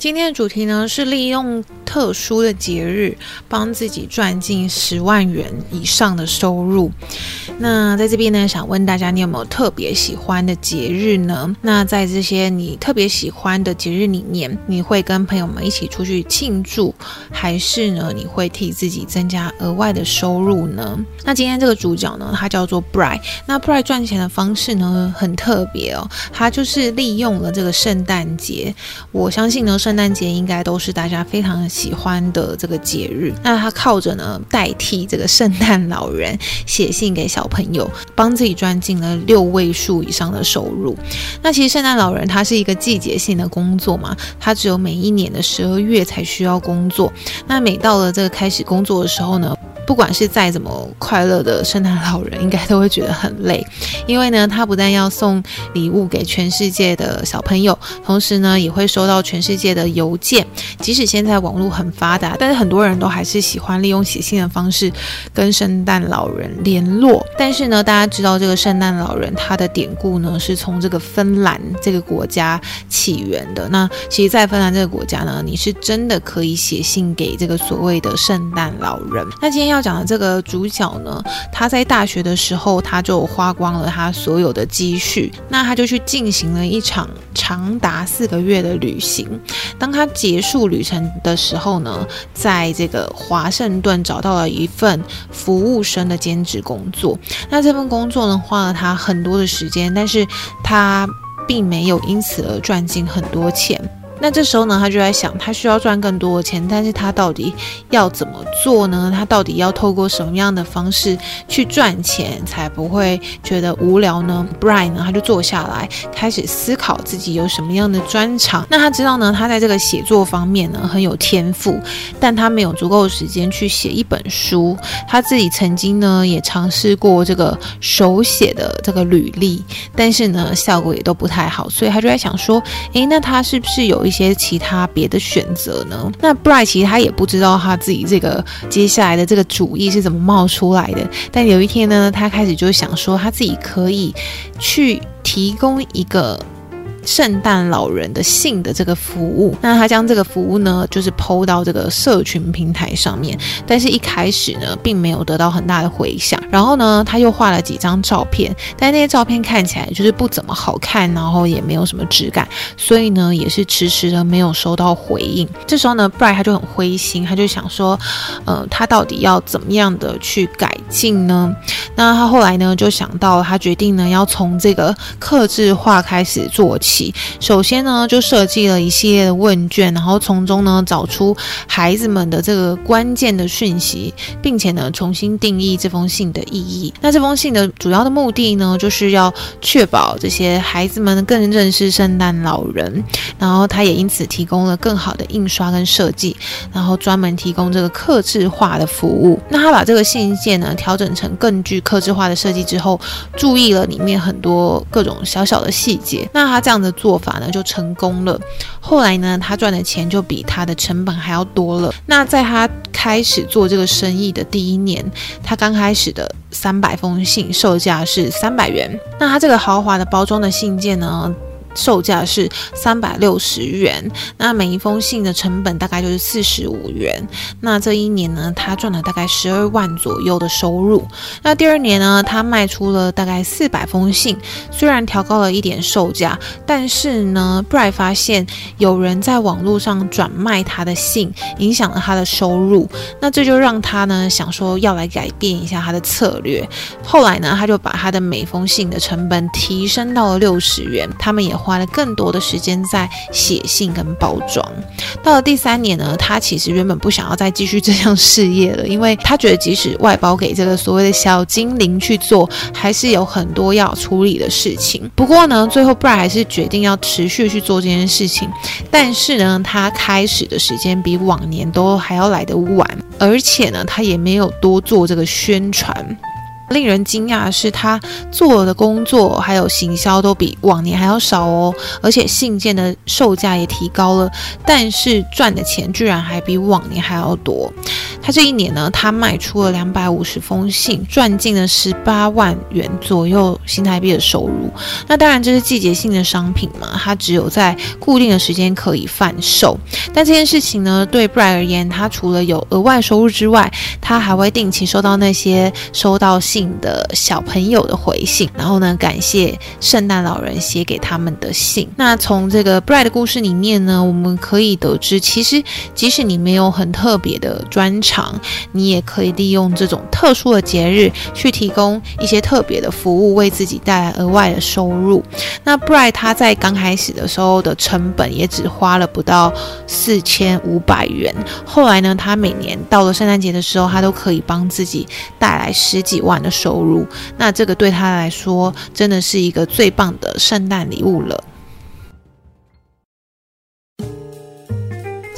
今天的主題呢，是利用特殊的節日，幫自己賺進十萬元以上的收入。那在這邊呢，想問大家，你有沒有特別喜歡的節日呢？那在這些你特別喜歡的節日裡面，你會跟朋友們一起出去慶祝，還是呢，你會替自己增加額外的收入呢？那今天這個主角呢，他叫做 Bry。那 Bry 賺錢的方式呢，很特別哦，他就是利用了這個聖誕節。我相信呢，聖聖誕節應該都是大家非常喜歡的這個節日。那他靠着呢，代替這個聖誕老人寫信給小朋友，幫自己賺進了六位數以上的收入。那其實聖誕老人，他是一個季節性的工作嘛，他只有每一年的十二月才需要工作。那每到了這個開始工作的時候呢，不管是再怎麼快樂的聖誕老人，應該都會覺得很累，因為呢，他不但要送禮物給全世界的小朋友，同時呢，也會收到全世界的郵件。即使現在網絡很發達，但是很多人都還是喜歡利用寫信的方式跟聖誕老人聯絡。但是呢，大家知道這個聖誕老人他的典故呢，是從這個芬蘭這個國家起源的。那其實，在芬蘭這個國家呢，你是真的可以寫信給這個所謂的聖誕老人。那今天要。講的這個主角呢，他在大學的時候，他就花光了他所有的積蓄，那他就去進行了一場長達四個月的旅行。當他結束旅程的時候呢，在這個華盛頓找到了一份服務生的兼職工作。那這份工作呢，花了他很多的時間，但是他並沒有因此而賺進很多錢。那這時候呢，他就在想，他需要賺更多的錢，但是他到底要怎麼做呢？他到底要透過什麼樣的方式去賺錢，才不會覺得無聊呢？Brian 呢，他就坐下來，開始思考自己有什麼樣的專長。那他知道呢，他在這個寫作方面呢很有天賦，但他沒有足夠的時間去寫一本書。他自己曾經呢也嘗試過這個手寫的這個履歷，但是呢效果也都不太好，所以他就在想說，誒，那他是不是有一？一些其他別的選擇呢？那 Bry 其實他也不知道他自己這個接下來的這個主意是怎麼冒出來的。但有一天呢，他開始就想說他自己可以去提供一個。聖誕老人的信的這個服務，那他將這個服務呢，就是 PO 到這個社群平台上面，但是一開始呢，並沒有得到很大的迴響。然後呢，他又畫了幾張照片，但那些照片看起來就是不怎麼好看，然後也沒有什麼質感，所以呢，也是遲遲的沒有收到回應。這時候呢，布萊他就很灰心，他就想說，呃，他到底要怎麼樣的去改進呢？那他後來呢，就想到他決定呢，要從這個客製化開始做起。首先呢，就設計了一系列的問卷，然後從中呢，找出孩子們的這個關鍵的訊息，並且呢，重新定義這封信的意義。那這封信的主要的目的呢，就是要確保這些孩子們更認識聖誕老人。然後他也因此提供了更好的印刷跟設計，然後專門提供這個客製化的服務。那他把這個信件呢調整成更具客製化的設計之後，注意了裡面很多各種小小的細節。那他這樣子。的做法呢就成功了，後來呢他賺的錢就比他的成本還要多了。那在他開始做這個生意的第一年，他剛開始的三百封信售價是三百元，那他這個豪華的包裝的信件呢，售價是三百六十元，那每一封信的成本大概就是四十五元。那這一年呢，他賺了大概十二萬左右的收入。那第二年呢，他賣出了大概四百封信，雖然調高了一點售價，但是呢，布萊發現有人在網絡上轉賣他的信，影響了他的收入。那這就讓他呢想說要來改變一下他的策略。後來呢，他就把他的每封信的成本提升到了六十元，他們也，花了更多的時間在寫信跟包裝。到了第三年呢，他其實原本不想要再繼續這項事業了，因為他覺得即使外包給這個所謂的小精靈去做，還是有很多要處理的事情。不過呢，最後布萊恩還是決定要持續去做這件事情。但是呢，他開始的時間比往年都還要來得晚，而且呢，他也沒有多做這個宣傳。令人驚訝的是，他做的工作還有行銷都比往年還要少哦，而且信件的售價也提高了，但是賺的錢居然還比往年還要多。他這一年呢，他賣出了兩百五十封信，賺進了十八萬元左右新台幣的收入。那當然這是季節性的商品嘛，它只有在固定的時間可以販售。但這件事情呢，對 Bry 而言，他除了有額外收入之外，他還會定期收到那些收到信的小朋友的回信，然後呢，感謝聖誕老人寫給他們的信。那從這個 Bry 的故事裡面呢，我們可以得知，其實即使你沒有很特別的專長。你也可以利用這種特殊的節日去提供一些特別的服務，為自己帶來額外的收入。那 Bry 他在剛開始的時候的成本也只花了不到四千五百元，後來呢，他每年到了聖誕節的時候，他都可以幫自己帶來十幾萬的收入。那這個對他來說真的是一個最棒的聖誕禮物了。